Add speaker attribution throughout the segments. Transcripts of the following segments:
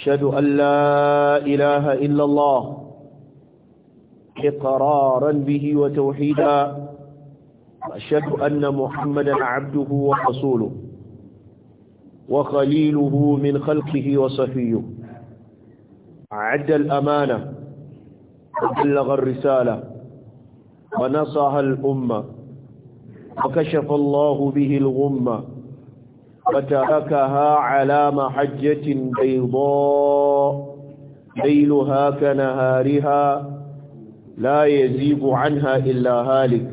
Speaker 1: أشهد أن لا إله إلا الله إقرارا به وتوحيدا وأشهد أن محمدا عبده ورسوله وخليله من خلقه وصفيه عد الأمانة وبلغ الرسالة ونصها الأمة وكشف الله به الغمة فتركها على محجة بيضاء ليلها كنهارها لا يزيب عنها إلا هالك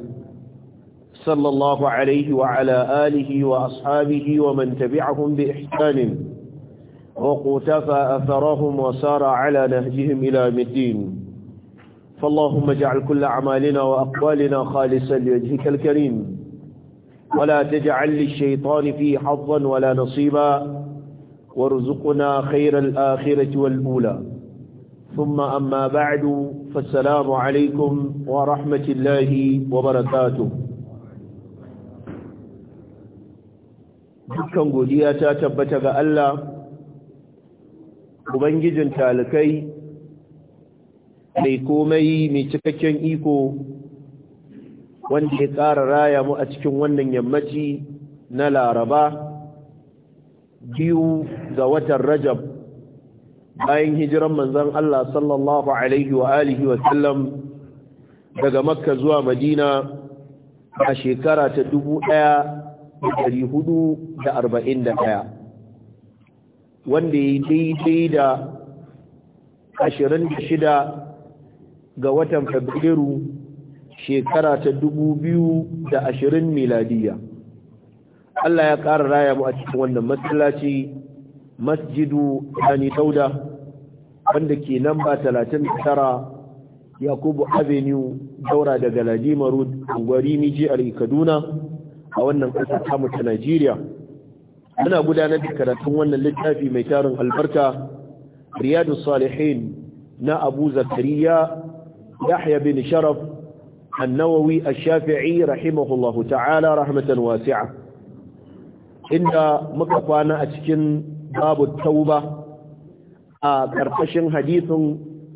Speaker 1: صلى الله عليه وعلى آله وأصحابه ومن تبعهم بإحسان وقتفى أثرهم وسار على نهجهم إلى مدين فاللهم اجعل كل أعمالنا وأقوالنا خالصا لوجهك الكريم ولا تجعل للشيطان فيه حظا ولا نصيبا وارزقنا خير الآخرة والأولى ثم أما بعد فالسلام عليكم ورحمة الله وبركاته dukkan godiya ta tabbata ga Allah ubangijin talakai mai komai mai cikakken iko wanda ya ƙara raya mu a cikin wannan yammaci na laraba biyu ga watan rajab bayan hijiran manzan Allah sallallahu alaihi wa alihi daga makka zuwa madina a shekara ta dubu ɗaya da hudu da arba'in da ɗaya wanda ya daidai da ashirin da shida ga watan fabrairu shekara ta dubu biyu da ashirin miladiya Allah ya ƙara raya mu a cikin wannan matsalaci masjidu Ani dauda wanda ke namba talatin tara yakubu avenue daura daga ladima road gwari miji a kaduna a wannan ƙasar tamu ta najeriya muna gudanar da karatun wannan littafi mai tarin albarka riyadu salihin na abu zakariya yahya bin sharaf النووي الشافعي رحمه الله تعالى رحمة واسعة عند مكفانا أتكن باب التوبة كرتشن حديث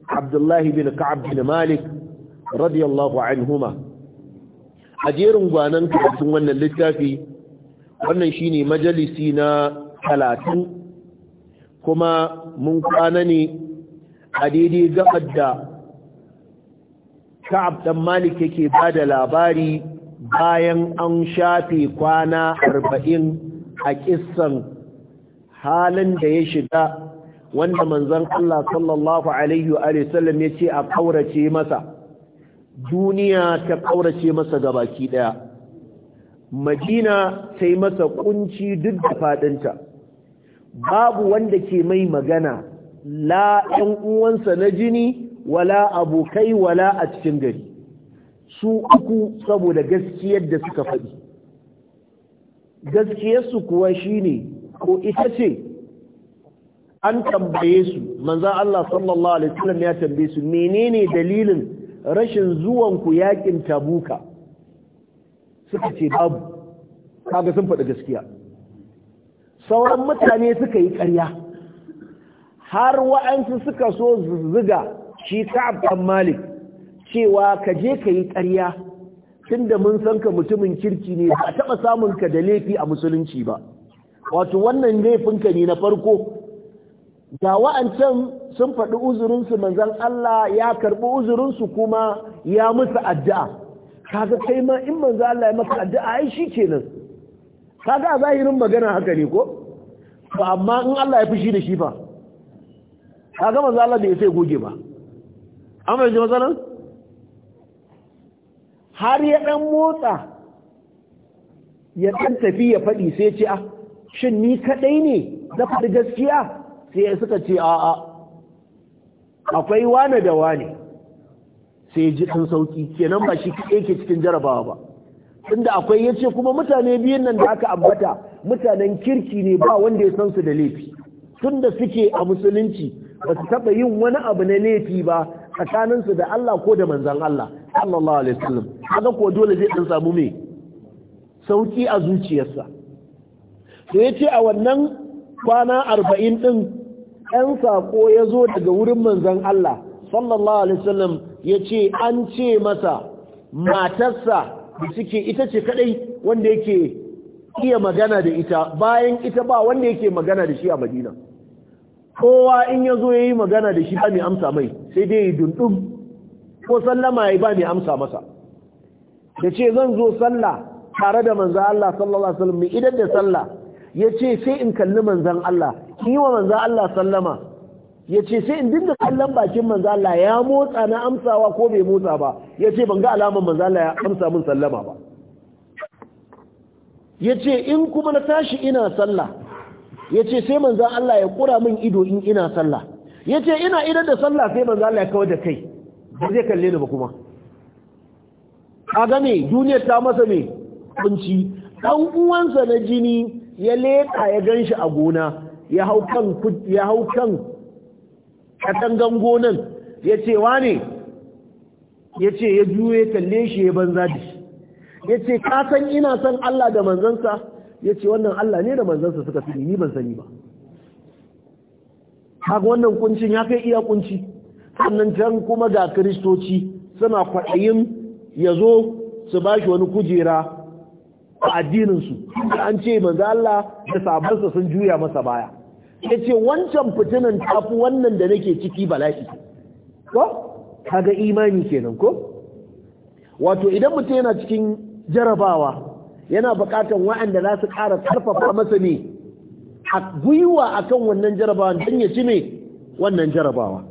Speaker 1: عبد الله بن كعب بن مالك رضي الله عنهما أجير قوانا كرتون للتافي wannan shine majalisi na 30 kuma mun kwana ne a daidai gabar da ka'ab dan malik yake ba da labari bayan an shafe kwana arba'in a kissan halin da ya shiga wanda manzon Allah sallallahu alaihi wa sallam yace a kaurace masa duniya ta kaurace masa gabaki daya madina sai masa ƙunci duk da faɗinta. babu wanda ke mai magana la ɗan uwansa na jini wala abokai wala a cikin gari su uku saboda gaskiyar da suka faɗi gaskiyarsu kuwa shine ko ita ce an tambaye su manza Allah sallallahu alaihi wasallam ya tambaye su menene dalilin rashin zuwanku yakin tabuka suka ce babu kaga sun faɗi gaskiya sauran mutane suka yi ƙarya har wa'ansu suka so zuga shi ka'ab ɗan malik cewa ka je ka yi ƙarya tunda mun san ka mutumin kirki ne ba a taɓa samun ka da laifi a musulunci ba wato wannan laifin ka ne na farko ga wa'ancan sun faɗi uzurinsu manzan Allah ya karɓi uzurinsu kuma ya musu addu'a kaga kai ma in manzan Allah ya maka addu'a ai shi kenan kaga a zahirin magana haka ne ko to amma in Allah ya fushi da shi fa kaga manzan Allah bai sai goge ba an fahimci matsalan har ya ɗan motsa ya ɗan tafi ya faɗi sai ce a ah, shin ni kaɗai ne na faɗi gaskiya sai ya suka ce a'a akwai wane da wane sai ji ɗan sauƙi kenan ba shi kaɗai ke cikin jarabawa ba inda akwai ya ce kuma mutane biyun nan da aka ambata mutanen kirki ne ba wanda ya san su da laifi tun da suke a musulunci ba su taɓa yin wani abu na laifi ba tsakaninsu da Allah ko da manzan Allah sallallahu alaihi wasallam kaga ko dole zai dan samu me sauki a zuciyarsa to yace a wannan kwana arba'in ɗin ɗan saƙo ya zo daga wurin manzan Allah sallallahu alaihi wasallam yace an ce masa matarsa da suke ita ce kadai wanda yake iya magana da ita bayan ita ba wanda yake magana da shi a Madina kowa in ya zo ya yi magana da shi ba mai amsa mai sai dai yi dundun ko sallama ya yi ba mai amsa masa da ce zan zo sallah tare da manzan Allah sallallahu alaihi wasallam idan da salla ya ce sai in kalli manzan Allah yi wa manzan Allah sallama ya ce sai in dinga kallon bakin manzan Allah ya motsa na amsawa ko bai motsa ba ya ce ban ga alamar manzan Allah ya amsa min sallama ba ya ce in kuma na tashi ina sallah ya ce sai manzan Allah ya ƙura min ido in ina sallah ya ce ina idan da sallah sai manzan Allah ya kawar da kai ba zai kalle ni ba kuma a gane duniyar ta masa mai kunci ɗan uwansa na jini ya leƙa ya gan shi a gona ya hau kan ya hau kan katangan gonan ya ce wane ya ce ya juye kalle shi ya banza da shi ya ce ka san ina son Allah da manzansa ya ce wannan Allah ne da manzansa suka fi ni ban sani ba haka wannan kuncin ya kai iya kunci sannan can kuma ga kiristoci suna kwaɗayin ya zo su ba shi wani kujera a addininsu an ce manzo Allah da sabansa sun juya masa baya ya ce wancan fitinan tafi wannan da nake ciki bala'i ko kaga imani kenan ko wato idan mutum yana cikin jarabawa yana buƙatar wa'anda za su ƙara ƙarfafa masa ne a gwiwa akan wannan jarabawa don ya ci me wannan jarabawa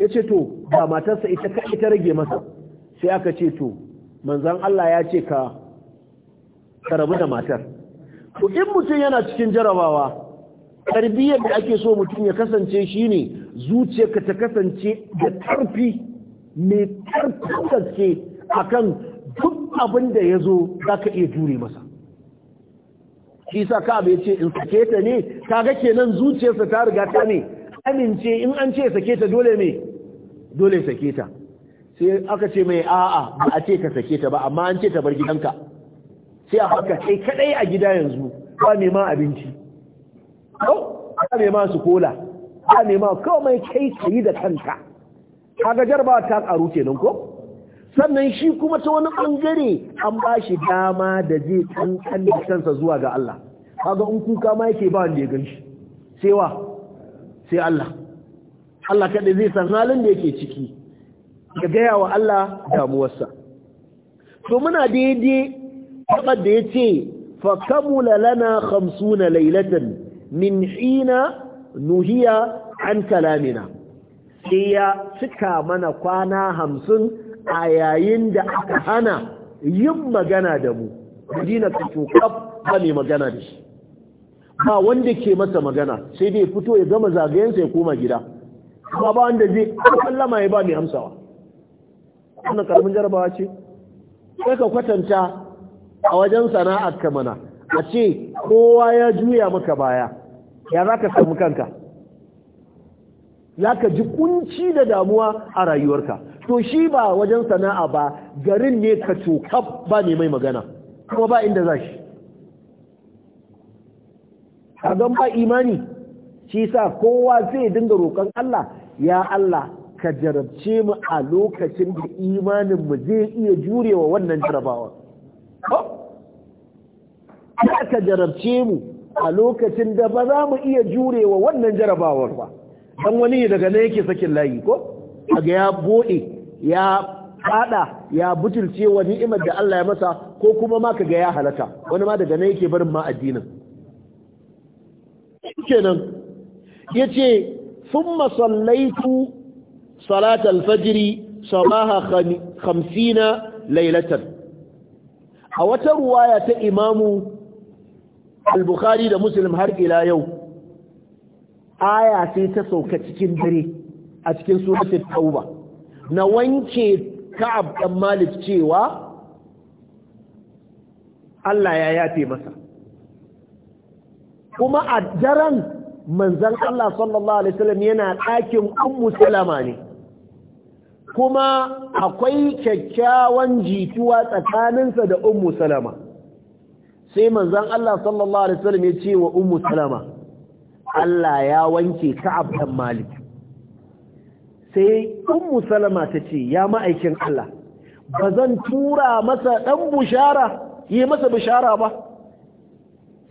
Speaker 1: ya ce to ba matarsa ita ka ita rage masa sai aka ce to manzan Allah ya ce ka karabu da matar to in mutum yana cikin jarabawa tarbiyyar da ake so mutum ya kasance shine ka ta kasance da tarfi mai tarfin gaske akan abin da ya zo za ka iya jure masa Kisa sa ka abu ya ce in sake ta ne kaga kenan zuciyarsa ta riga ta ne amince in an ce sake ta dole ne dole sake ta sai aka ce mai a'a ba a ce ka sake ta ba amma an ce ta bar gidanka sai a haka kai kadai a gida yanzu ba nema abinci ba nema su kola ba nema kawai kai kayi da kanka kaga jarba ta karu kenan ko sannan shi kuma ta wani ɓangare an ba shi dama da zai kankan da kansa zuwa ga Allah kaga in kuka ma yake ba wanda ya gan shi sai wa sai Allah Allah kaɗai zai san halin da yake ciki ya gaya wa Allah damuwarsa to muna daidai faɗar da ya ce fa kamula lana khamsuna lailatan min hina nuhiya an kalamina sai ya cika mana kwana hamsin a yayin da aka hana yin magana da mu madina ta kaf ba ne magana da shi ba wanda ke masa magana sai dai fito ya gama zagayensa ya koma gida kuma ba wanda zai lama ya ba mai amsawa wannan karamin jarabawa ce sai ka kwatanta a wajen sana'ar ka mana a ce kowa ya juya maka baya ya za ka samu kanka za ka ji kunci da damuwa a rayuwarka to shi ba wajen sana'a ba garin ne ka cokab ba ne mai magana kuma ba inda za shi hagan ba imani shi sa kowa zai dinga roƙon Allah ya Allah ka jarabce mu a lokacin da imanin zai iya jurewa wannan jarabawa ka jarabce mu a lokacin da ba za mu iya jurewa wannan jarabawar ba Don wani daga na yake sakin layi ko a ga ya boɗe ya fada ya butulce wa ni'imar da Allah ya masa ko kuma ma kaga ya halaka wani ma daga nan yake barin ma addinin kenan yace thumma sallaitu salat al-fajr sabaha 50 laylatan a wata ruwaya ta imamu al-bukhari da muslim har ila yau aya sai ta sauka cikin dare a cikin suratul tauba na wanke ka'ab ɗan malik cewa Allah ya yafe masa kuma a daren manzan Allah sallallahu Alaihi wasallam yana ɗakin ummu salama ne kuma akwai kyakkyawan jituwa tsakaninsa da ummu salama sai manzan Allah sallallahu Alaihi wasallam ya ce wa ummu salama Allah ya wanke ka'ab ɗan malik sai ɗan musalama ta ce ya ma'aikin Allah ba zan tura masa ɗan bushara yi masa bushara ba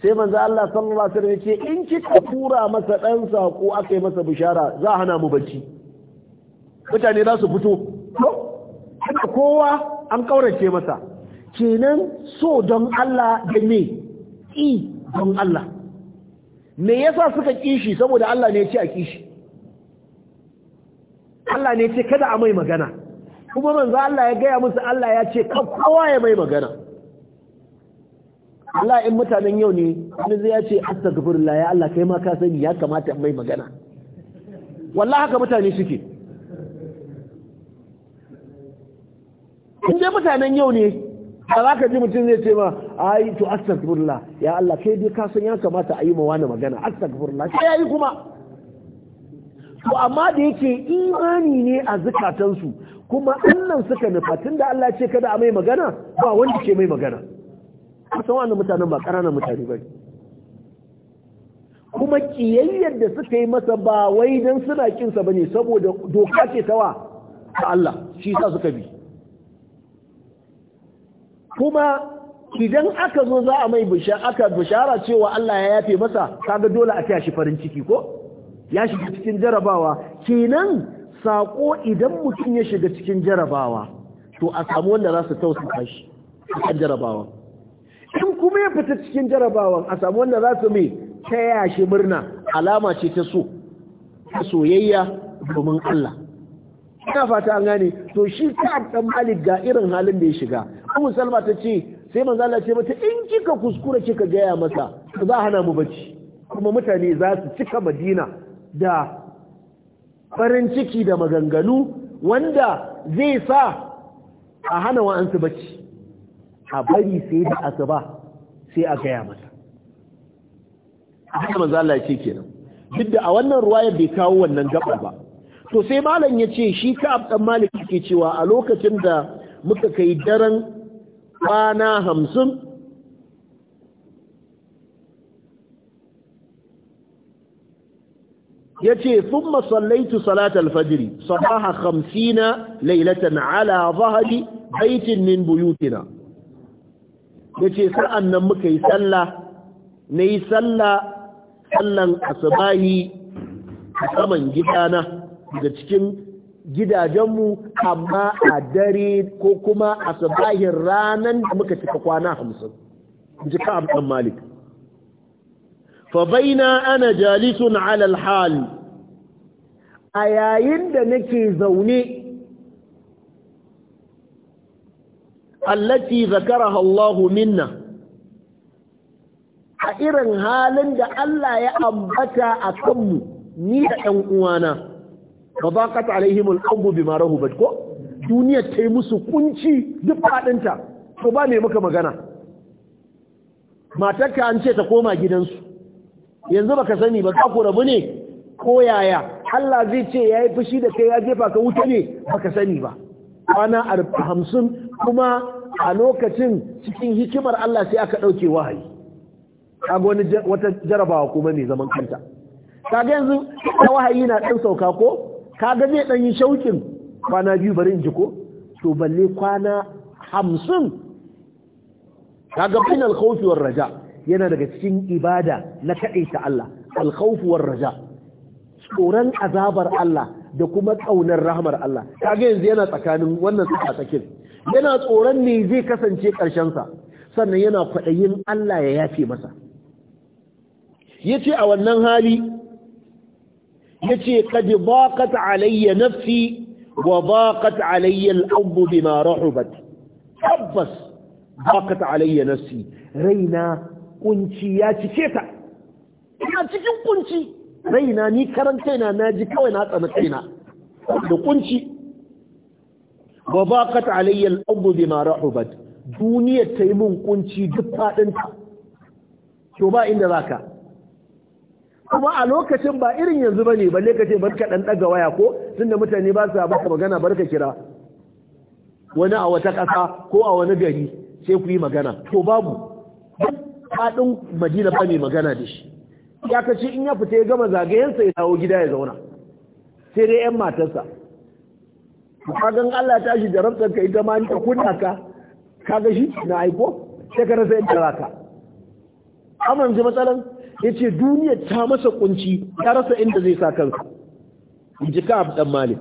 Speaker 1: sai manzo Allah sallallahu alaihi wasallam ce in kika tura masa ɗan sako aka yi masa bushara za hana mu bacci mutane za su fito kowa an ƙaurace masa kenan so don Allah da me i don Allah me yasa suka kishi saboda Allah ne ya ce a kishi Allah ne ce kada a mai magana kuma manzo Allah ya gaya musu Allah ya ce kowa ya mai magana Allah in mutanen yau ne wani zai ya ce astaghfirullah ya Allah kai ma ka sani ya kamata mai magana wallahi haka mutane suke in mutanen yau ne ba za ka ji mutum zai ce ma ai to astaghfirullah ya Allah kai dai ka san ya kamata a yi ma wani magana astaghfirullah sai yayi kuma to amma da yake imani ne a zukatansu kuma annan suka nufa da Allah ce kada a mai magana ba wanda ke mai magana kusan wannan mutanen ba ƙananan mutane ba kuma kiyayyar da suka yi masa ba wai don suna kinsa ba ne saboda doka ce tawa ta Allah shi sa suka bi kuma idan aka zo za a mai bishara cewa Allah ya yafe masa kaga dole a taya shi farin ciki ko ya shiga cikin jarabawa kenan sako idan mutum ya shiga cikin jarabawa to a samu wanda za su tausasa shi cikin jarabawa in kuma ya fita cikin jarabawan a samu wanda za su mai taya shi murna alama ce ta so ta soyayya domin Allah ina fata an gane to shi ta dan Malik ga irin halin da ya shiga Ummu Salma ta ce sai manzo Allah ce mata in kika kuskura kika gaya masa za hana mu bacci kuma mutane za su cika Madina da farin ciki da maganganu wanda zai sa a hana wa'ansu bacci a bari sai da asuba sai a gaya mata. haka maza Allah ce kenan duk a wannan ruwayar bai kawo wannan gaba ba to sai malam ya ce shi ka abdan malik yake cewa a lokacin da muka kai daren kwana hamsin yace sun sallaitu salatal fajri sabaha hamsina laylatan ala dhahri baitin min buyutina yace sa'an nan muka yi sallah nayi sallah sallan asbahi saman gidana daga cikin gidajenmu amma a dare ko kuma Asabahin ranar da muka cika kwana hamsin ji ka malik fabaina ana jalisun alal hal a yayin da nake zaune allati zakaraha Allahu minna a irin halin da Allah ya ambata a kanmu ni da ɗan uwana ba ba ka alaihim al'ambu bi marahu ba ko duniyar ta yi musu kunci duk faɗinta ko ba mai maka magana matarka an ce ta koma gidansu yanzu baka sani ba za ku rabu ne ko yaya Allah zai ce ya yi fushi da kai ya jefa ka wuta ne baka sani ba kwana hamsin kuma a lokacin cikin hikimar Allah sai aka ɗauke wahayi kaga wani wata jarabawa kuma mai zaman kanta kaga yanzu ta wahayi na ɗan sauka ko kaga zai ɗan yi shaukin kwana biyu bari in ji ko to balle kwana hamsin? kaga ga khawfi war raja' yana daga cikin ibada na kaɗaita Allah alkhawfu raja tsoron azabar Allah da kuma tsaunar rahmar Allah kaga yanzu yana tsakanin wannan tsaka yana tsoron ne zai kasance ƙarshensa sa sannan yana kwaɗayin Allah ya yafe masa yace a wannan hali yace qad baqat alayya nafsi wa baqat alayya al bima rahubat tabbas baqat alayya nafsi raina kunci ya cike ta ina cikin kunci raina ni karan kaina na ji kawai na tsana kaina da kunci wa baqat alayya al-ardu bima rahubat duniya ta yi mun kunci duk fadin ta to ba inda zaka kuma a lokacin ba irin yanzu bane balle kace barka dan daga waya ko tunda mutane ba su baka magana barka kira wani a wata kasa ko a wani gari sai ku yi magana to babu faɗin madina ba mai magana da shi ya kace in ya fita ya gama zagayensa ya dawo gida ya zauna sai dai yan matarsa kagan Allah ta shi da rabtar ka ita ma ta kunna ka kaga shi na aiko sai ka rasa yadda za ka amma yanzu matsalan ya ce duniya ta masa kunci ta rasa inda zai sa kansa in ji ka abdan malik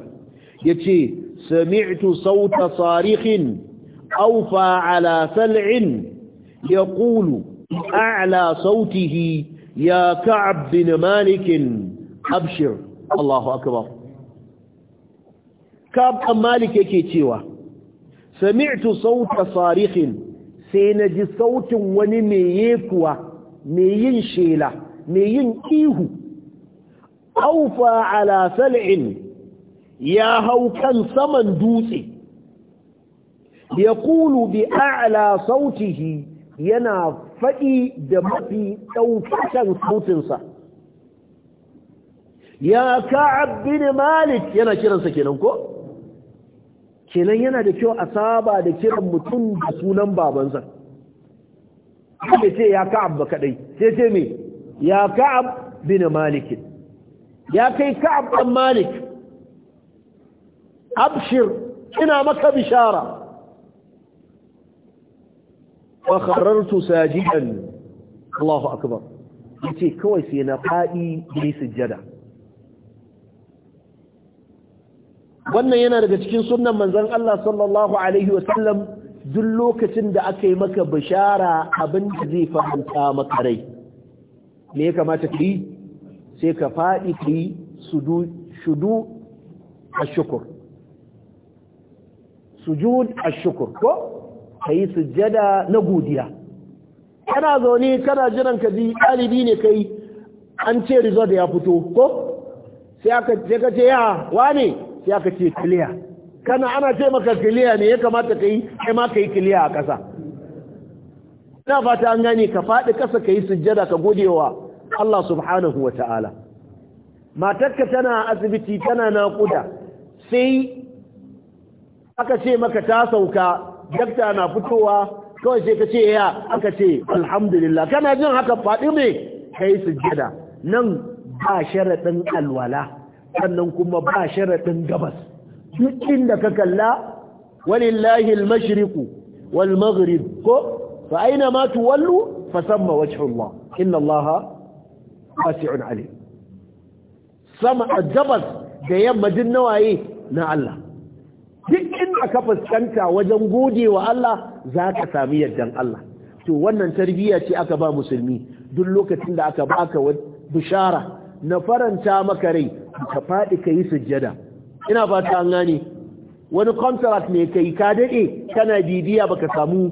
Speaker 1: ya ce sami'tu sauta tsarihin aufa ala sal'in ya ƙulu أعلى صوته يا كعب بن مالك أبشر الله أكبر كعب بن مالك يكيتيوه سمعت صوت صارخ سينجي صوت ونميكوا ميين شيلة ميين إيهو أوفى على سلع يا هو كان ثمن دوسي يقول بأعلى صوته ينا faɗi da mafi ɗaukacin sautinsa ya ka'ab malik yana kiransa kenan ko kenan yana da kyau a saba da kiran mutum da sunan babansa sai ce ya ka'ab ba kaɗai sai ce me ya ka'ab malik ya kai ka'ab malik abshir ina maka bishara wa kharartu sajidan yace kawai sai na faɗi ni sujada, wannan yana daga cikin sunnan manzon Allah sallallahu alaihi duk lokacin da aka yi maka bishara abin da zai fahimta maka rai me ya kamata ka yi sai ka faɗi ka yi shudu a shukur sujud ko ka yi sujjada na godiya kana zaune kana jiran ka ji ɗalibi ne kai an ce result ya fito ko sai aka ce ka ce ya wane sai aka ce clear kana ana ce maka clear ne ya kamata ka yi kai ma ka yi clear a ƙasa ina fata an gani ka faɗi ƙasa ka yi sujjada ka godewa Allah subhanahu wa ta'ala matarka tana asibiti tana naƙuda sai aka ce maka ta sauka dakta na fitowa kawai sai ka ce ya aka ce alhamdulillah kana jin haka faɗi mai kai sujjada nan ba sharaɗin alwala sannan kuma ba sharaɗin gabas duk inda ka kalla walillahi al wal maghrib ko fa aina ma tuwallu fa samma wajhu inna Allah wasi'un alim sama gabas da yamma din nawaye na Allah duk inda ka fuskanta wajen gode wa Allah za ka sami yardan Allah to wannan tarbiyya ce aka ba musulmi duk lokacin da aka baka bishara na faranta maka rai ka faɗi ka yi sujjada ina ba ta gane wani contract ne kai ka daɗe kana bibiya baka samu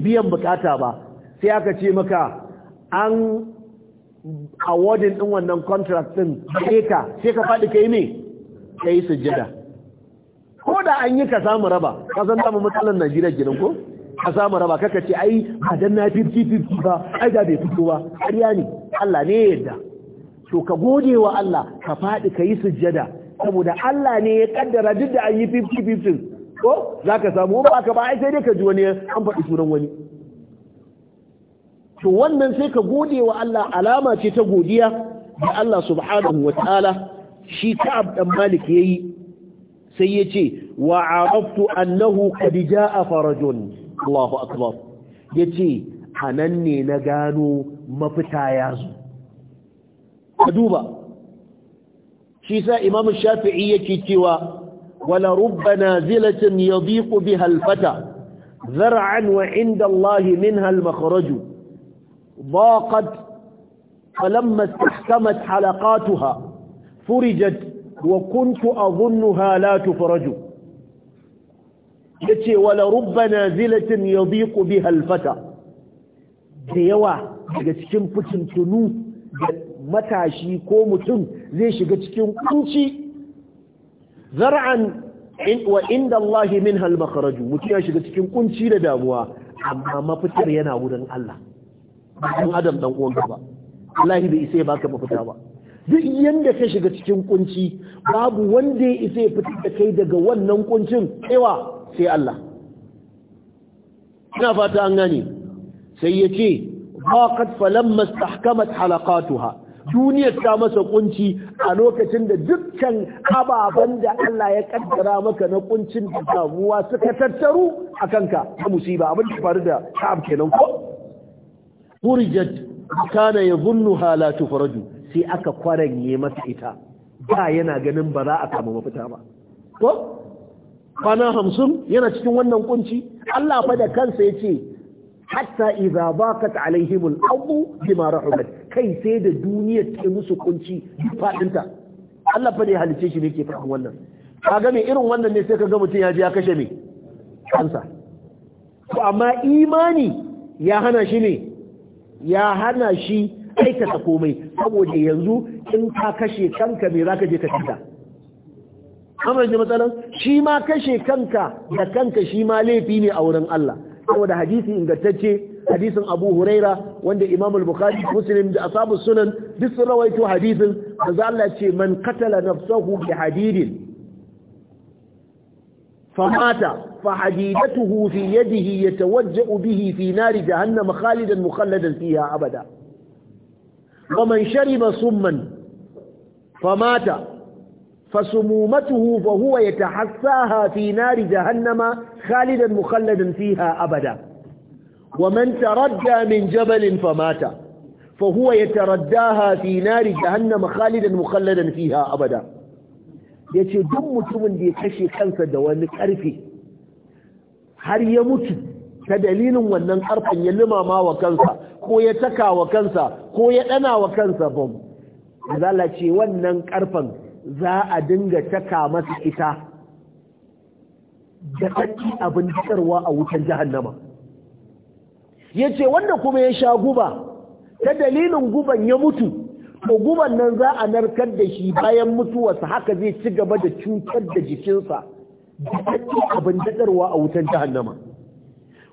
Speaker 1: biyan bukata ba sai aka ce maka an awardin din wannan contract din sai ka sai ka faɗi kai me kai sujjada ko da an yi ka samu raba ka san damu matsalar najeriya gidan ko ka samu raba kaka ce ai ba dan na fifty fifty ba ai da bai fito ba ƙarya ne allah ne ya yarda to ka gode wa allah ka faɗi ka yi sujjada saboda allah ne ya kaddara duk da an yi fifty fifty ko za ka samu ba ka ba ai sai dai ka ji wani an faɗi sunan wani to wannan sai ka gode wa Allah alama ce ta godiya da Allah subhanahu wa ta'ala shi Ka'ab dan Malik yayi sai ya ce wa araftu annahu qad jaa farajun Allahu akbar yace anan ne na gano mafita ya zo ka duba shi sa imamu shafi'i yake cewa wala rubba nazilatin yadiqu biha alfata zar'an wa inda Allah minha almakhraj ضاقت فلما استحكمت حلقاتها فرجت wa kuntu azunnuha faraju. tufraju yace wala rubba nazilatin yadhiqu biha alfata da yawa daga cikin tunu da matashi ko mutum zai shiga cikin kunci zar'an wa inda Allah min halmakharaju mutum ya shiga cikin kunci da damuwa amma mafitar yana wurin Allah ba adam dan uwanka ba Allah bai isa ya baka mafita ba duk yadda ka shiga cikin kunci babu wanda ya isa ya fitar da kai daga wannan kuncin tsewa sai Allah ina fata an gane sai ya ce baqat falamma istahkamat halaqatuha duniyar ta masa kunci a lokacin da dukkan ababen da Allah ya kaddara maka na kuncin da damuwa suka tattaru a kanka na musiba abin da faru da sha'ab kenan ko furijat kana yadhunnuha la tufaraju sai aka kwaranye masa ita ba yana ganin ba za a kama mafita ba ko kwana hamsin yana cikin wannan kunci Allah fa da kansa ya ce hatta idza baqat alaihimul ardu bima rahubat kai sai da duniya ta musu kunci faɗinta. Allah fa da ya halice shi ne ke faɗin wannan kaga me irin wannan ne sai kaga mutum ya ji ya kashe me kansa to amma imani ya hana shi ne ya hana shi aikata komai saboda yanzu in ka kashe kanka me zaka je ka tsada amma da matsalan shi ma kashe kanka da kanka shi ma laifi ne a wurin Allah saboda hadisi ingantacce hadisin Abu Huraira wanda Imam al-Bukhari Muslim da asabu Sunan duk sun rawaito hadisin da Allah ce man qatala nafsahu bi hadidin فمات فحديدته في يده يتوجأ به في نار جهنم khalidan مخلدا فيها abada. wa man shariba summan famata fasumumatuhu fa huwa yatahassaha fi nari jahannama khalidan mukhalladan fiha abada wa man taradda min jabalin famata fa huwa yataraddaha fi nari jahannama khalidan mukhalladan fiha abada yace duk mutumin da ya kashe kansa da wani karfe har ya mutu ta dalilin wannan karfen ya limama wa kansa ko ya taka wa kansa ko ya dana wa kansa bom zala ce wannan karfan za a dinga taka masa ita da tsaki abin tsarwa a wutan jahannama yace wanda kuma ya sha guba ta dalilin guban ya mutu to guban nan za a narkar da shi bayan mutuwarsa haka zai ci gaba da cutar da jikinsa da tsaki abin dadarwa a wutan jahannama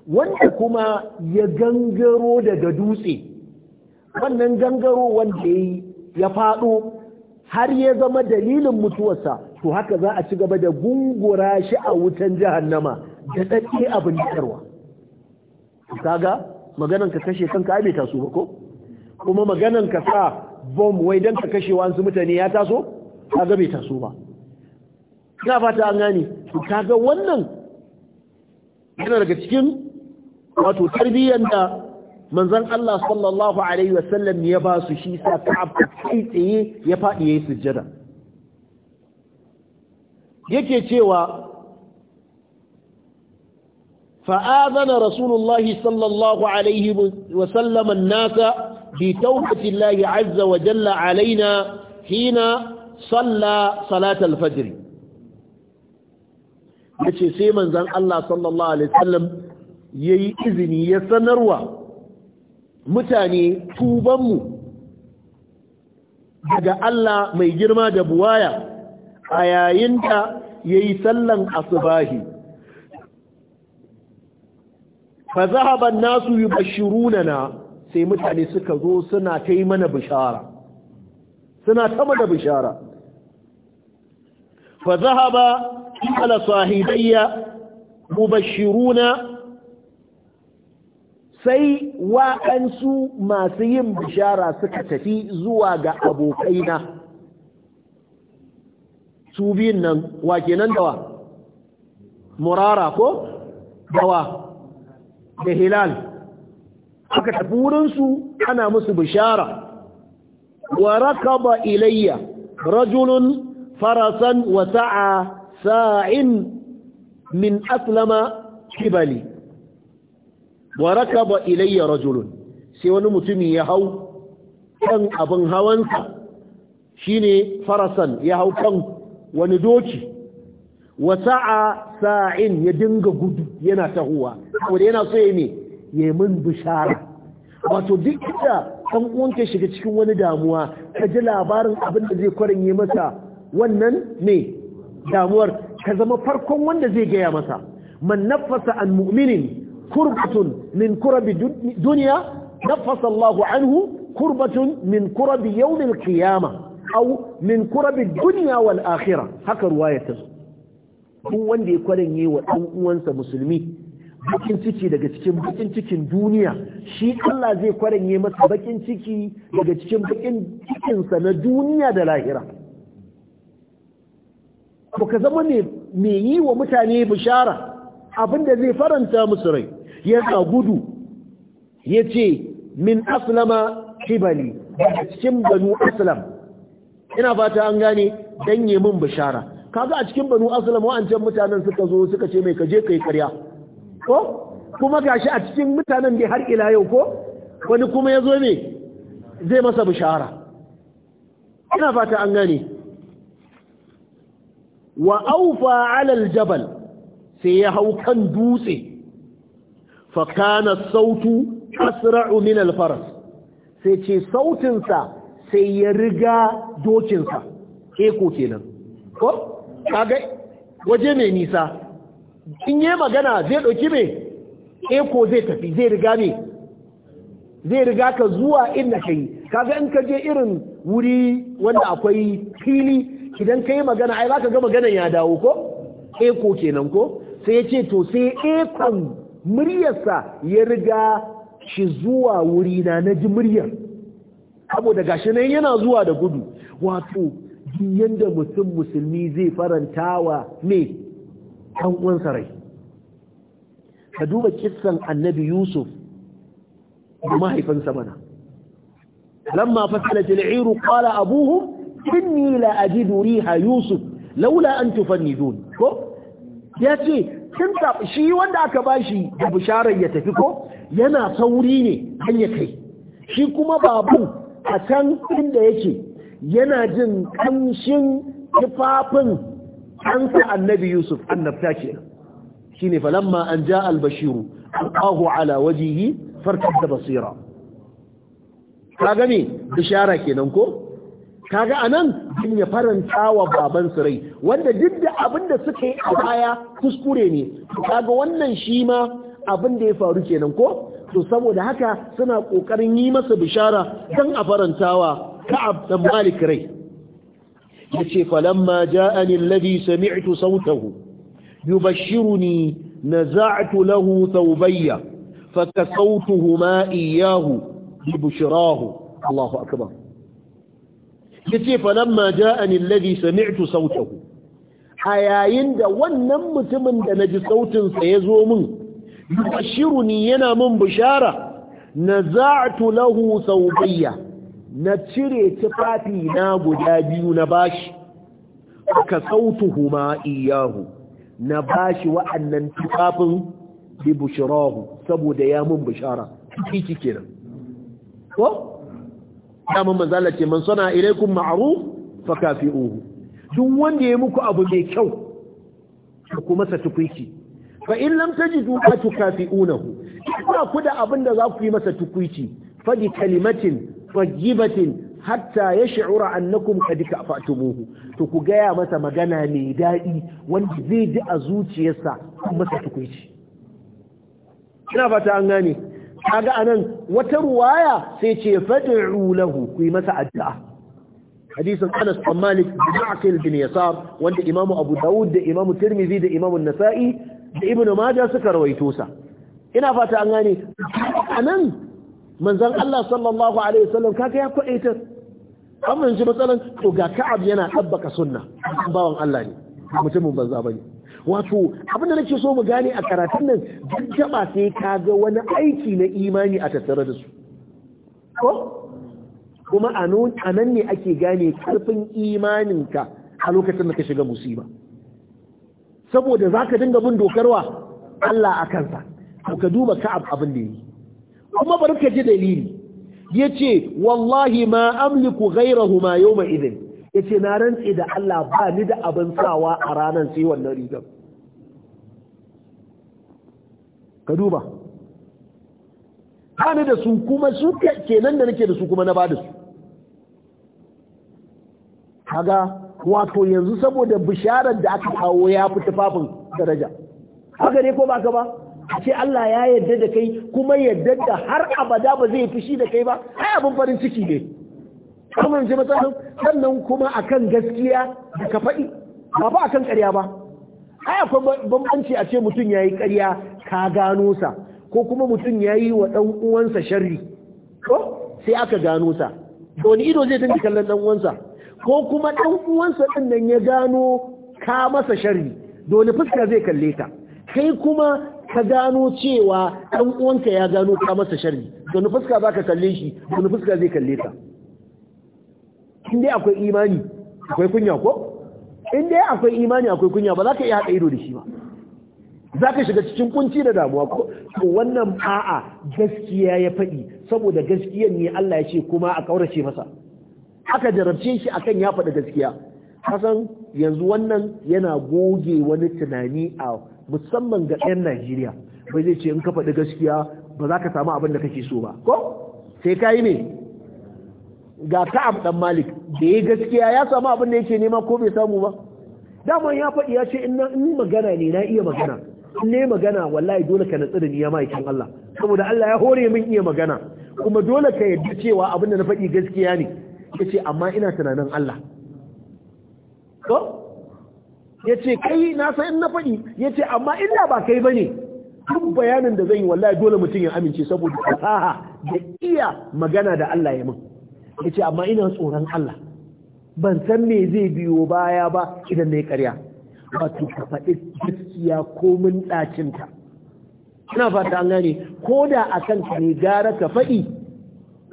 Speaker 1: wanda kuma ya gangaro daga dutse wannan gangaro wanda ya yi ya faɗo har ya zama dalilin mutuwarsa to haka za a ci gaba da gungura shi a wutan jahannama da ɗaɗɗe abin jikarwa kaga maganan ka kashe kanka ai bai taso ba ko kuma maganan ka sa bom wai dan ka kashe wa mutane ya taso kaga bai taso ba ina fata an gane kaga wannan yana daga cikin wato tarbiyyar da manzon Allah sallallahu alaihi wasallam ya ba su shi sa Ka'ab kai tsaye ya fadi yayin sujjada yake cewa فآذن رسول الله صلى الله عليه وسلم الناس بتوبة الله عز وجل علينا حين صلى صلاة الفجر yace sai manzon Allah sallallahu ya yi izini ya sanarwa mutane tubanmu daga Allah mai girma da buwaya a yayin da ya yi sallan asubahi fa zahaban nasu yi na, sai mutane suka zo suna ta yi mana bishara suna ta mana bishara fa zahaba mu sahibaiya mubashiruna sai waɗansu masu yin bishara suka tafi zuwa ga abokaina su biyun nan wa nan dawa murara ko dawa da hilal aka tafi wurinsu ana musu bishara wa rakaba ilayya rajulun farasan wata a sa'in min aslama kibali wa rakaba ilayya rajulun sai wani mutumi ya hau kan abin hawansa shine farasan ya hau kan wani doki wa sa'a sa'in ya dinga gudu yana tahuwa saboda yana so ya me ya bishara wato duk da kan uwanka shiga cikin wani damuwa ka ji labarin abin da zai kwarin yi masa wannan ne damuwar ka zama farkon wanda zai gaya masa man nafasa an mu'minin kurbatun min kurabi duniya nafasa anhu kurbatun min kurabi yawmil qiyama aw min kurabi dunya wal akhirah haka ruwaya ta duk wanda ya kwaranye wa dan uwansa musulmi bakin ciki daga cikin bakin cikin duniya shi Allah zai kwaranye masa baƙin ciki daga cikin bakin cikinsa na duniya da lahira ba zama ne mai yi wa mutane bishara abinda zai faranta musu rai yana gudu ya ce min aslama kibali daga cikin banu aslam ina fata an gane dan yi min bishara kaga a cikin banu aslam wa'ancan mutanen suka zo suka ce mai kaje kai karya ko kuma gashi a cikin mutanen da har ila yau ko wani kuma ya zo ne zai masa bishara ina fata an gane wa aufa alal jabal sai ya hau kan dutse fa kana sautu asra'u min al-faras sai ce sautin sa sai ya riga dokin sa eko kenan ko kaga waje mai nisa in yi magana zai dauki me eko zai tafi zai riga me zai riga ka zuwa inda kai kaga in ka je irin wuri wanda akwai fili idan ka yi magana ai baka ga magana ya dawo ko eko kenan ko sai ya ce to sai ekon muryarsa ya riga shi zuwa wurina na ji muryar saboda gashi nan yana zuwa da gudu wato yanda mutum musulmi zai faranta wa me ɗan uwansa rai ka duba kissan annabi yusuf
Speaker 2: da mahaifinsa
Speaker 1: mana lamma fasalat al-iru qala abuhum inni la ajidu riha yusuf laula an tufannidun ko yace tun shi wanda aka bashi da bisharar ya tafi ko yana sauri ne hanya kai shi kuma babu a can inda yake yana jin kamshin tufafin kansa annabi yusuf annabta ke shine falamma an ja albashiru alqahu ala wajihi farkad da basira ka gane bishara kenan ko kaga anan din ya faranta wa baban su rai wanda duk da abin da suka yi a baya kuskure ne kaga wannan shi ma abin da ya faru kenan ko to saboda haka suna kokarin yi masa bishara dan a farantawa ka'ab dan malik rai yace falamma ja'ani alladhi sami'tu sautahu yubashshiruni naza'tu lahu thawbayya fakasawtuhuma iyyahu bi bushrahu Allahu akbar yace falamma ja'ani alladhi sami'tu sautahu a yayin da wannan mutumin da naji sautin sa yazo min bashiruni yana min bishara naza'tu lahu sawbiya na cire tufafi na guda biyu na bashi ka sautuhuma iyahu na bashi wa'annan tufafin bi bushrahu saboda ya mun bishara kiki kenan ko daman manzo Allah ce man sana ilaikum ma'ruf fakafi'uhu duk wanda ya muku abu mai kyau ku masa tukuici fa in lam tajidu fatukafi'unahu ba ku da abin da za ku yi masa tukuici fa bi kalimatin tayyibatin hatta yash'ura annakum qad kafa'tumuhu to ku gaya masa magana mai dadi wanda zai ji a zuciyarsa masa tukuici ina fata an gane kaga anan wata ruwaya sai ce fad'u lahu ku yi masa addu'a hadisin Anas bin Malik bin Aqil bin Yasar wanda Imam Abu Dawud da Imam Tirmidhi da Imam An-Nasa'i da Ibn Majah suka rawaito sa ina fata an gane anan manzon Allah sallallahu alaihi wasallam kaga ya kwaita amma yanzu matsalan to ga Ka'ab yana tabbaka sunna bawan Allah ne mutumin banza bane wato abin da nake so mu gane a karatun nan duk jaba sai ka ga wani aiki na imani a tattare da su ko kuma a nan ne ake gane karfin imaninka a lokacin da ka shiga musiba saboda za ka dinga bin dokarwa Allah a kansa to ka duba ka'ab abin da yi kuma bari ka ji dalili yace wallahi ma amliku ghayrahu ma idan. idin yace na rantse da Allah ba ni da abin sawa a ranar sai wannan rigar ka duba ba da su kuma su kenan da nake da su kuma na bada da su haga wato yanzu saboda bisharar da aka kawo ya fi tufafin daraja haka ne ko ka ba a ce Allah ya yarda da kai kuma yarda da har abada ba zai fushi da kai ba ai abin farin ciki ne ji matsalin sannan kuma akan gaskiya da ka faɗi ba ba akan karya ba ai akwai bambanci a ce mutum ya yi karya. ka gano sa ko kuma mutum ya yi wa ɗan'uwansa uwansa sharri ko sai aka gano sa to ni ido zai tunji kallon ɗan'uwansa, uwansa ko kuma ɗan'uwansa uwansa ɗin nan ya gano ka masa sharri dole fuska zai kalle ka kai kuma ka gano cewa ɗan'uwanka uwanka ya gano ka masa sharri dole fuska za ka kalle shi dole fuska zai kalle ka in dai akwai imani akwai kunya ko in dai akwai imani akwai kunya ba za ka iya haɗa ido da shi ba za ka shiga cikin kunci da damuwa ko wannan a'a gaskiya ya faɗi saboda gaskiyan ne Allah ya ce kuma a kaurace masa aka jarabce shi akan ya faɗi gaskiya kasan yanzu wannan yana goge wani tunani a musamman ga 'yan Najeriya bai zai ce in ka faɗi gaskiya ba za ka samu abin da kake so ba ko sai ka yi ne ga ka'ab dan malik da ya gaskiya ya samu abin da yake nema ko bai samu ba daman ya faɗi ya ce in magana ne na iya magana In ne magana wallahi dole ka natsu da niyya ma'aikin Allah saboda Allah ya hore min iya magana kuma dole ka yadda cewa abin da na faɗi gaskiya ne ya ce amma ina tunanin Allah ko ya ce kai na san in na faɗi ya ce amma illa ba kai ba ne duk bayanin da zan yi wallahi dole mutum ya amince saboda fasaha da iya magana da Allah ya min ya ce amma ina tsoron Allah ban san me zai biyo baya ba idan na yi ƙarya wato ka faɗi gaskiya ko mun ta ina fata an gane ko da a kan ka ne gara ka faɗi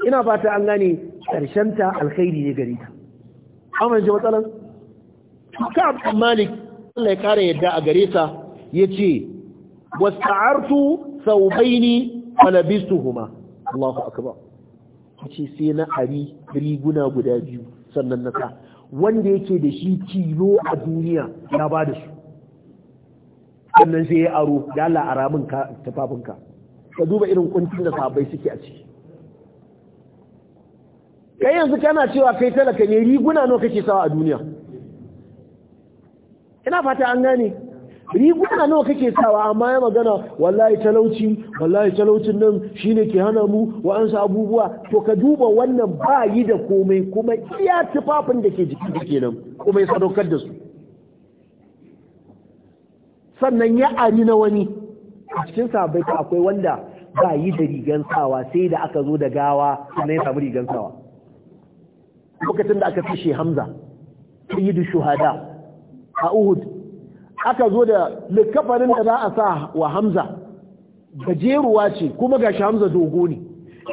Speaker 1: ina fata an gane ta alkhairi ne gare ta amince matsalan ka abin malik Allah ya kara yadda a gare sa ya ce wasta'artu saubaini falabistuhuma Allahu akbar ce sai na ari riguna guda biyu sannan na ta wanda yake da shi tilo a duniya ya ba da su sannan sai ya aro da Allah a ramin tafafinka ka duba irin kuncin da sabai suke a ciki kai yanzu kana cewa kai talaka ne riguna nawa kake sawa a duniya ina fata an gane riguna nawa kake sawa amma ya magana wallahi talauci wallahi talaucin nan shine ke hana mu wa ansa abubuwa to ka duba wannan ba yi da komai kuma iya tufafin da ke jiki da kenan kuma ya sadaukar da su sannan ya ani na wani a cikin sabai akwai wanda ba yi da rigan sawa sai da aka zo da gawa sannan ya samu rigan sawa lokacin da aka fishe hamza yi da shuhada a uhud aka zo da likafarin da za a sa wa hamza gajeruwa ce kuma ga shi hamza dogo ne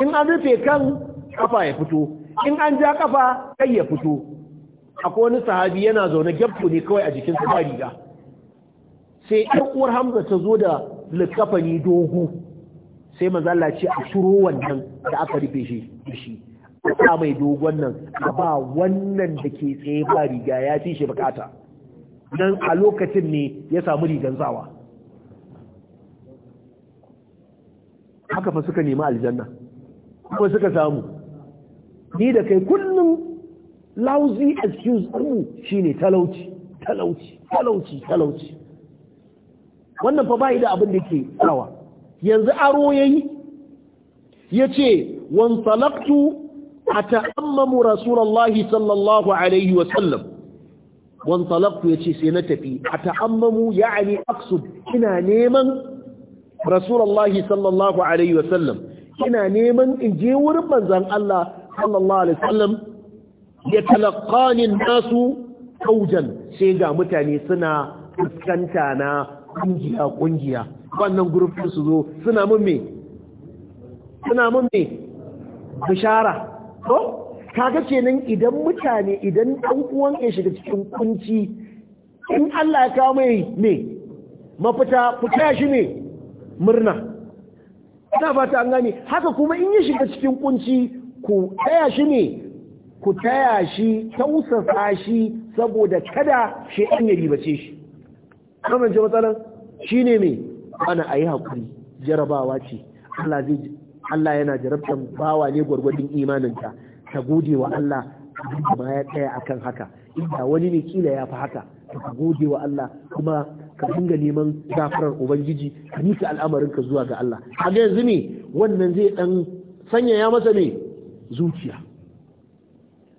Speaker 1: in an rufe kan kafa ya fito in an ja kafa kai ya fito akwai wani sahabi yana zaune gyabto ne kawai a jikin ba riga sai ɗan uwar hamza ta zo da likafani dogo sai mazalla ce a shiro wannan da aka rufe shi shi a mai dogon nan a ba wannan da ke tsaye ba riga ya fi shi bukata nan a lokacin ne ya samu rigan zawa haka fa suka nemi aljanna kuma suka samu ni da kai kullum lousy excuse mu shine talauci talauci talauci talauci wannan fa bai da abin da ke tsawa yanzu aro yayi yace wan a ta'ammamu rasulullahi sallallahu alaihi wa wan talaqtu yace sai na tafi ata'ammamu ya'ni aqsud ina neman rasulullahi sallallahu alaihi wasallam ina neman in je wurin manzon Allah sallallahu alaihi wasallam ya talaqani nasu kaujan sai ga mutane suna fuskanta na kungiya kungiya wannan gurbin su zo suna mun me suna mun me bishara ko kaga kenan idan mutane idan ɗan uwan ya shiga cikin kunci in Allah ya kawo mai ne mafita fita shi ne murna ina fata an gane haka kuma in ya shiga cikin kunci ku taya shi ne ku taya shi tausasa shi saboda kada shi an ya ribace shi ce matsalar shi ne mai ana a yi haƙuri jarabawa ce Allah yana jarabtan bawa ne gwargwadin imaninta. ka gode wa Allah abinda ba ya tsaya akan haka inda wani ne kila ya fi haka ka gode wa Allah kuma ka dinga neman gafarar ubangiji ka nika al'amarin ka zuwa ga Allah kaga yanzu ne wannan zai dan sanyaya masa ne zuciya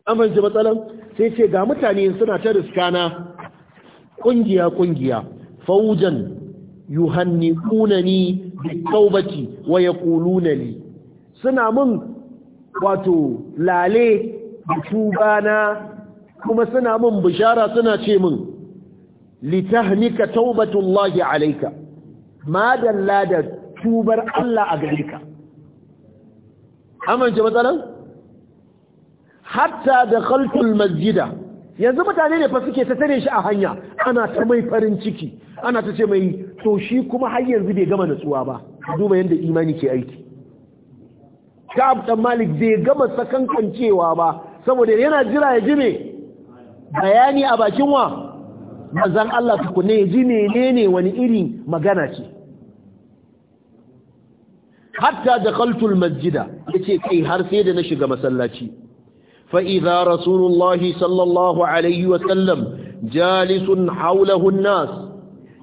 Speaker 1: an fahimci matsalan sai ce ga mutane suna ta riskana kungiya kungiya faujan kunani bi tawbati wa yaquluna li suna mun wato lale da tubana kuma suna min bishara suna ce min litahnika taubatullahi alayka ma dalla da tubar Allah a gare ka amince matsalan hatta dakhaltu masjida. yanzu mutane ne fa suke ta tare shi a hanya ana ta mai farin ciki ana ta ce mai to shi kuma har yanzu bai gama natsuwa ba duba yanda imani ke aiki ka'ab dan malik bai gama sakankancewa ba saboda yana jira ya ji bayani a bakin wa manzon Allah tukune ya ji menene wani irin magana ce hatta dakhaltu almasjida yace kai har sai da na shiga masallaci fa idza rasulullahi sallallahu alaihi wa sallam jalisun hawlahu an-nas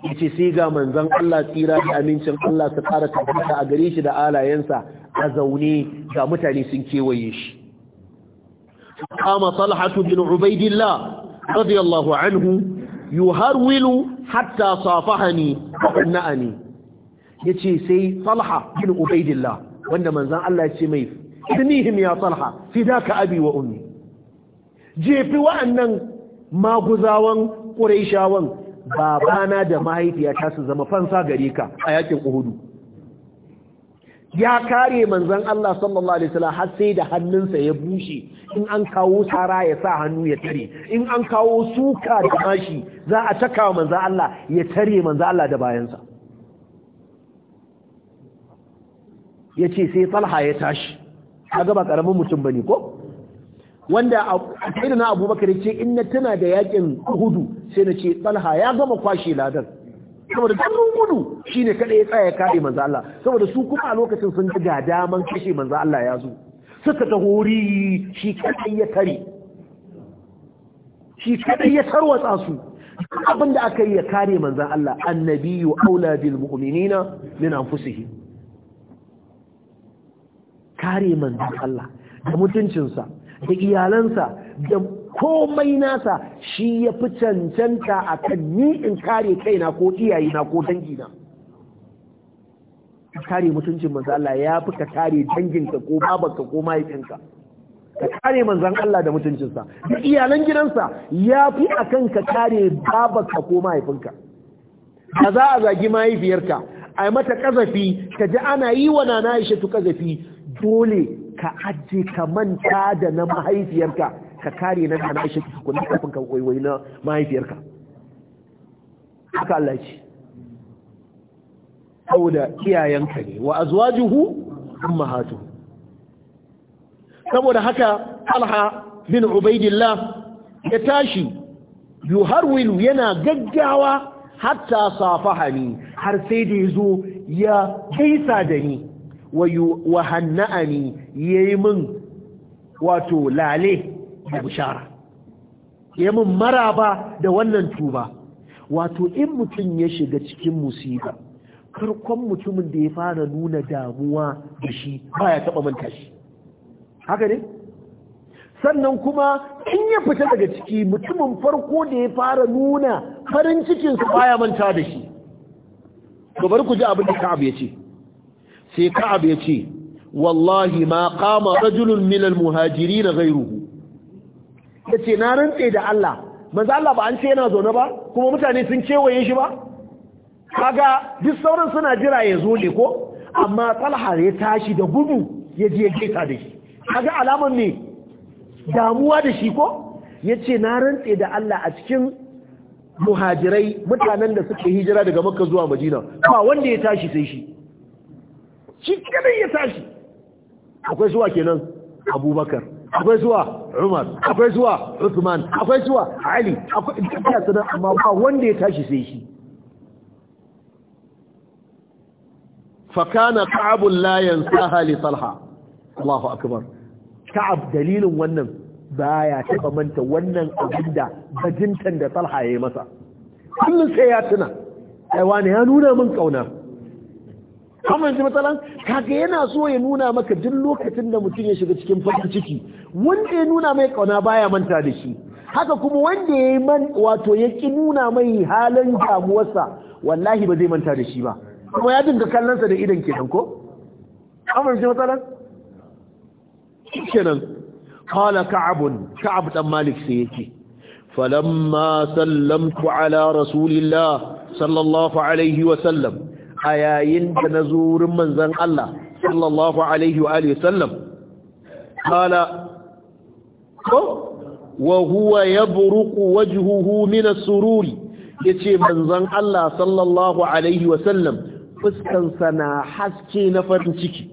Speaker 1: yace sai ga manzon Allah tsira da amincin Allah su fara tabbata a gare shi da alayensa a zaune ga mutane sun kewaye shi kama talhatu bin ubaidillah radiyallahu anhu yuharwilu hatta safahani na'ani yace sai talha bin ubaidillah wanda manzon Allah ya ce mai idnihim ya talha fidaka abi wa ummi jefi wa'annan maguzawan quraishawan babana da mahaifiyata su zama fansa gare ka a yakin uhudu ya kare manzon Allah sallallahu alaihi wasallam har sai da hannunsa ya bushe in an kawo tsara ya sa hannu ya tare in an kawo suka da mashi za a taka manzon Allah ya tare manzon Allah da bayansa yace sai Talha ya tashi kaga ba karamin mutum bane ko wanda a na Abubakar ce in na tana da yakin hudu sai na ce Talha ya gama kwashi ladan saboda ganin gudu shine kada ya tsaya kare manzo Allah saboda su kuma a lokacin sun ga daman kashe manzo Allah ya zo suka ta hori shi kadai ya kare shi kadai ya tarwatsa su abin da aka yi ya kare manzan Allah annabiyu aula bil mu'minina min anfusihi kare manzan Allah da mutuncinsa da iyalansa da komai nasa shi ya fi cancanta a kan ni in kare kaina ko iyayena ko dangina ka kare mutuncin manzo Allah ya fi ka kare danginka ko babanka ko mahaifinka ka kare manzon Allah da mutuncinsa da iyalan gidansa ya fi kan ka kare babanka ko mahaifinka ba za a zagi mahaifiyarka a yi mata kazafi ka ji ana yi wa nana Aisha tu kazafi dole ka ajiye ka manta da na mahaifiyarka ka kare na da nashi ku na kafin ka waiwai na mahaifiyarka haka Allah ce saboda iyayenka ne wa azwajuhu ummahatuhu saboda haka Talha bin Ubaidillah ya tashi yuharwilu yana gaggawa hatta safahani har sai da yazo ya kaisa da ni wa hanna'ani yayi min wato lale da bishara ya mun maraba da wannan tuba wato in mutum ya shiga cikin musiba farkon mutumin da ya fara nuna damuwa da shi ya taba manta shi haka ne sannan kuma in ya fita daga ciki mutumin farko da ya fara nuna farin cikinsa ba baya manta da shi gabar ku ji abin da Ka'ab ya ce sai Ka'ab ya ce wallahi ma kama rajulun minal al zai ghayruhu Yace ce na rantse da Allah manzo Allah ba an ce yana zaune ba kuma mutane sun kewaye shi ba kaga duk sauran suna jira ya zo ne ko amma talha ya tashi da gudu ya je gaita da shi kaga alaman ne damuwa da shi ko Yace na rantse da Allah a cikin muhajirai mutanen da suke hijira daga makka zuwa madina ba wanda ya tashi sai shi shi kadai ya tashi akwai zuwa kenan abubakar akwai zuwa Umar akwai zuwa Uthman akwai zuwa Ali akwai tafiya sanan amma ba wanda ya tashi sai shi fakana ka'abun la yansaha li talha Allahu akbar ka'ab dalilin wannan baya taba manta wannan abinda bajintan da ya yayi masa kullun sai ya tuna ai wani ya nuna min kauna kuma yanzu matsalan kaga yana so ya nuna maka duk lokacin da mutum ya shiga cikin farin ciki wanda ya nuna mai kauna baya manta da shi haka kuma wanda ya yi man wato ya ki nuna mai halin damuwarsa wallahi ba zai manta da shi ba kuma ya dinga kallonsa da idan kenan ko kuma yanzu matsalan kenan qala ka'abun ka'ab dan malik sai yake falamma sallamtu ala rasulillah sallallahu alaihi wa sallam a yayin da na zo manzan Allah sallallahu alaihi wa alihi sallam kala ko Wahuwa ya yabruqu wajhuhu mina sururi. Ya ce manzan Allah sallallahu alaihi wa sallam fuskansa na haske na farin ciki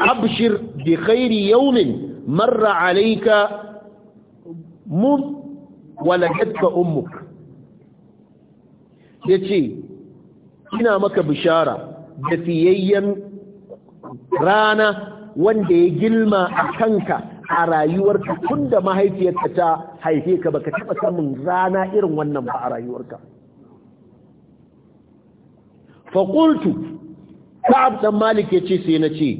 Speaker 1: abshir bi khairi yawmin marra alayka mum waladatka ummuk yace ina maka bishara da fiyayyen rana wanda ya gilma a kanka a rayuwarka tun da mahaifiyarka ta haife ka baka taɓa samun rana irin wannan ba a rayuwarka faƙultu ka'ab dan malik ya ce sai na ce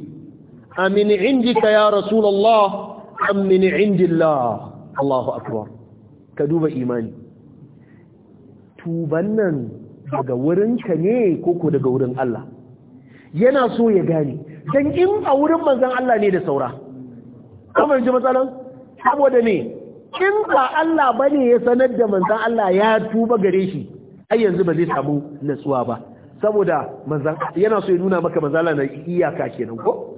Speaker 1: amin indika ya rasulallah amin indillah allahu akbar ka duba imani tuban nan daga wurin ka ne koko daga wurin Allah yana so ya gane dan in a wurin manzon Allah ne da saura kamar ji matsalan saboda me in ba Allah bane ya sanar da manzon Allah ya tuba gare shi ai yanzu ba zai samu natsuwa ba saboda manzon yana so ya nuna maka manzon Allah na iyaka kenan ko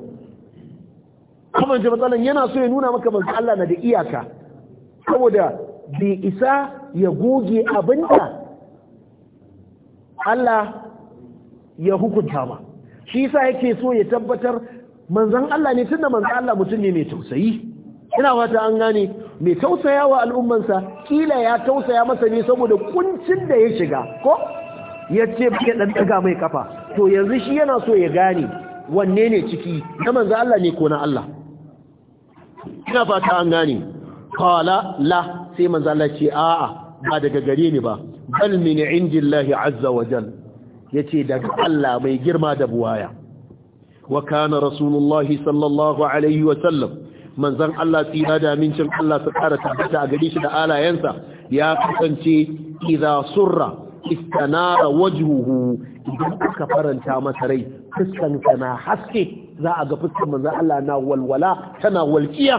Speaker 1: kamar ji matsalan yana so ya nuna maka manzon Allah na da iyaka saboda bai isa ya goge abinda Allah ya hukunta ba shi yasa yake so ya tabbatar manzon Allah ne tunda manzon Allah mutum ne mai tausayi ina wata an gane mai tausaya wa al'ummansa kila ya tausaya masa ne saboda kuncin da ya shiga ko ya ce ya dan daga mai kafa to yanzu shi yana so ya gane wanne ne ciki na manzo Allah ne ko na Allah ina fata an gane qala la sai manzo Allah ce a'a ba daga gare ni ba bal min indillahi azza wa jal yace daga Allah mai girma da buwaya wa kana rasulullahi sallallahu alaihi wa sallam manzon Allah tsira da amincin Allah su kara tabbata a gare shi da alayensa ya kasance idza surra istanara wajhuhu idan aka faranta masa rai fuskansa na haske za a ga fuskan manzan Allah na walwala tana walkiya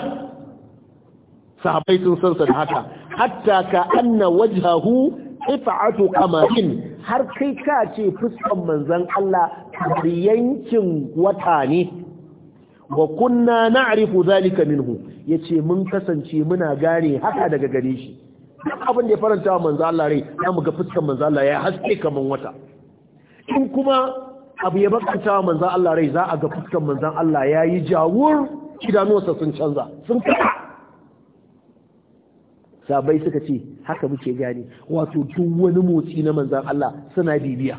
Speaker 1: sahabbai sun san haka hatta ka anna wajhahu qita'atu qamarin har kai ka ce fuskan manzan Allah kamar yankin wata ne wa kunna na'rifu zalika minhu yace mun kasance muna gane haka daga gare shi abin da ya faranta wa manzan Allah rai za mu ga fuskan manzan Allah ya haske kaman wata in kuma abu ya bakanta wa manzan Allah rai za a ga fuskan manzan Allah ya yi jawur idanuwa sun canza sun kaɗa sabai suka ce haka muke gane wato duk wani motsi na manzan Allah suna bibiya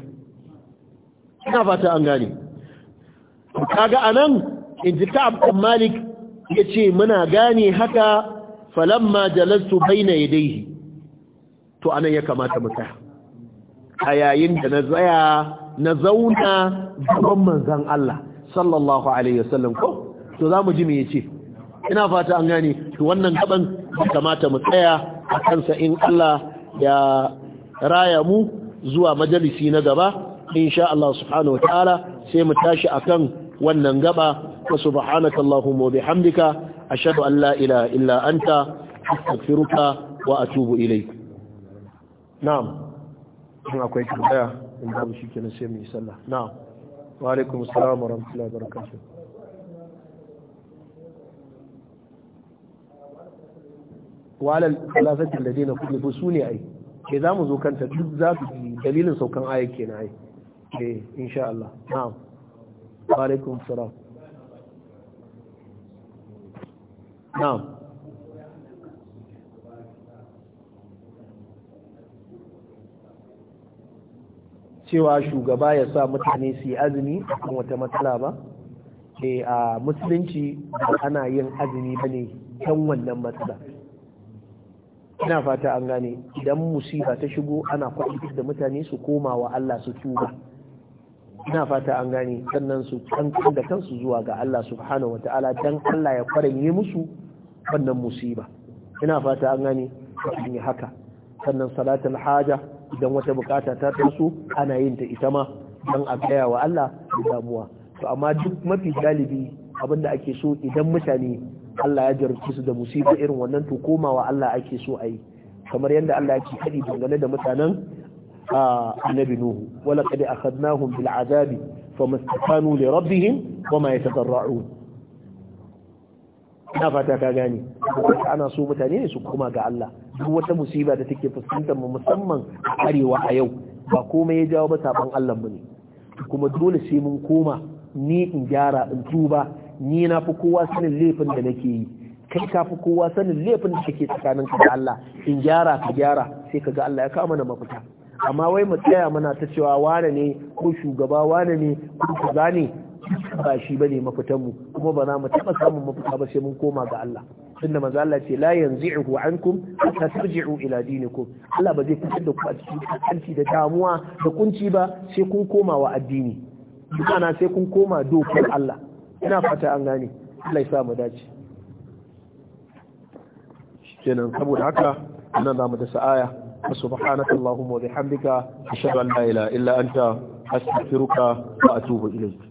Speaker 1: ina fata an gane kaga anan in ji ta abin malik ya ce muna gane haka falamma jalastu baina yadayhi to anan ya kamata mu tsaya a yayin da na tsaya na zauna gaban manzan Allah sallallahu alaihi wasallam ko to zamu ji me yace ina fata an gane to wannan gaban kamata mu tsaya a kansa in Allah ya raya mu zuwa majalisi na gaba insha Allah subhanahu wataala sai mu tashi akan wannan gaba wa subhanaka allahumma wa bihamdika ashhadu an la ilaha illa anta astaghfiruka wa atubu ilayk na'am in akwai tambaya in babu shikenan sai mu yi sallah na'am wa alaikum assalam wa rahmatullahi wa barakatuh walal salasatin da dina kuɗi su ne ai ke eh, za mu zo kanta duk za su dalilin saukan aya kenan ai eh insha Allah na'am wa alaikum salam na'am cewa shugaba ya sa mutane su yi azumi kan wata matsala ba eh, a musulunci ba ana yin azumi ba ne kan wannan matsala ina fata an gane idan musiba ta shigo ana kwaɗi da mutane su koma wa Allah su tuba ina fata an gane sannan su kankan da kansu zuwa ga Allah subhanahu wataala dan Allah ya kwaranye musu wannan musiba ina fata an gane kan haka sannan salatul haja idan wata bukata ta taso ana yin ta ita ma dan a gaya wa Allah da damuwa to amma duk mafi galibi abinda ake so idan mutane Allah ya jarumci su da musiba irin wannan to komawa Allah ake so a yi kamar yadda Allah yake kadi dangane da mutanen annabi Nuhu wala qad akhadnahum bil azabi famastakanu li rabbihim wama yatadarra'un ina fata ka gane ana so mutane su koma ga Allah duk wata musiba da take fuskantar mu musamman a arewa a yau ba komai ya jawo ba saban Allah mu ne kuma dole sai mun koma ni in gyara in tuba ni na fi kowa sanin laifin da nake yi kai ka fi kowa sanin laifin da kake tsakanin ka da Allah in gyara ka gyara sai ka ga Allah ya kama na mafita amma wai mu tsaya mana ta cewa wane ne ko shugaba wane ne ko kaza ne ba shi bane mafitan mu kuma ba za mu taba samun mafita ba sai mun koma ga Allah tunda manzo Allah ce la yanzi'u ankum hatta tarji'u ila dinikum Allah ba zai fitar da ku a cikin kanci da damuwa da kunci ba sai kun koma wa addini dukana sai kun koma dokar Allah ina fata an gane Allah ya mu dace kenan saboda haka nan zamu da sa'aya subhanaka allahumma wa bihamdika ashhadu an la ilaha illa anta astaghfiruka wa atubu ilayk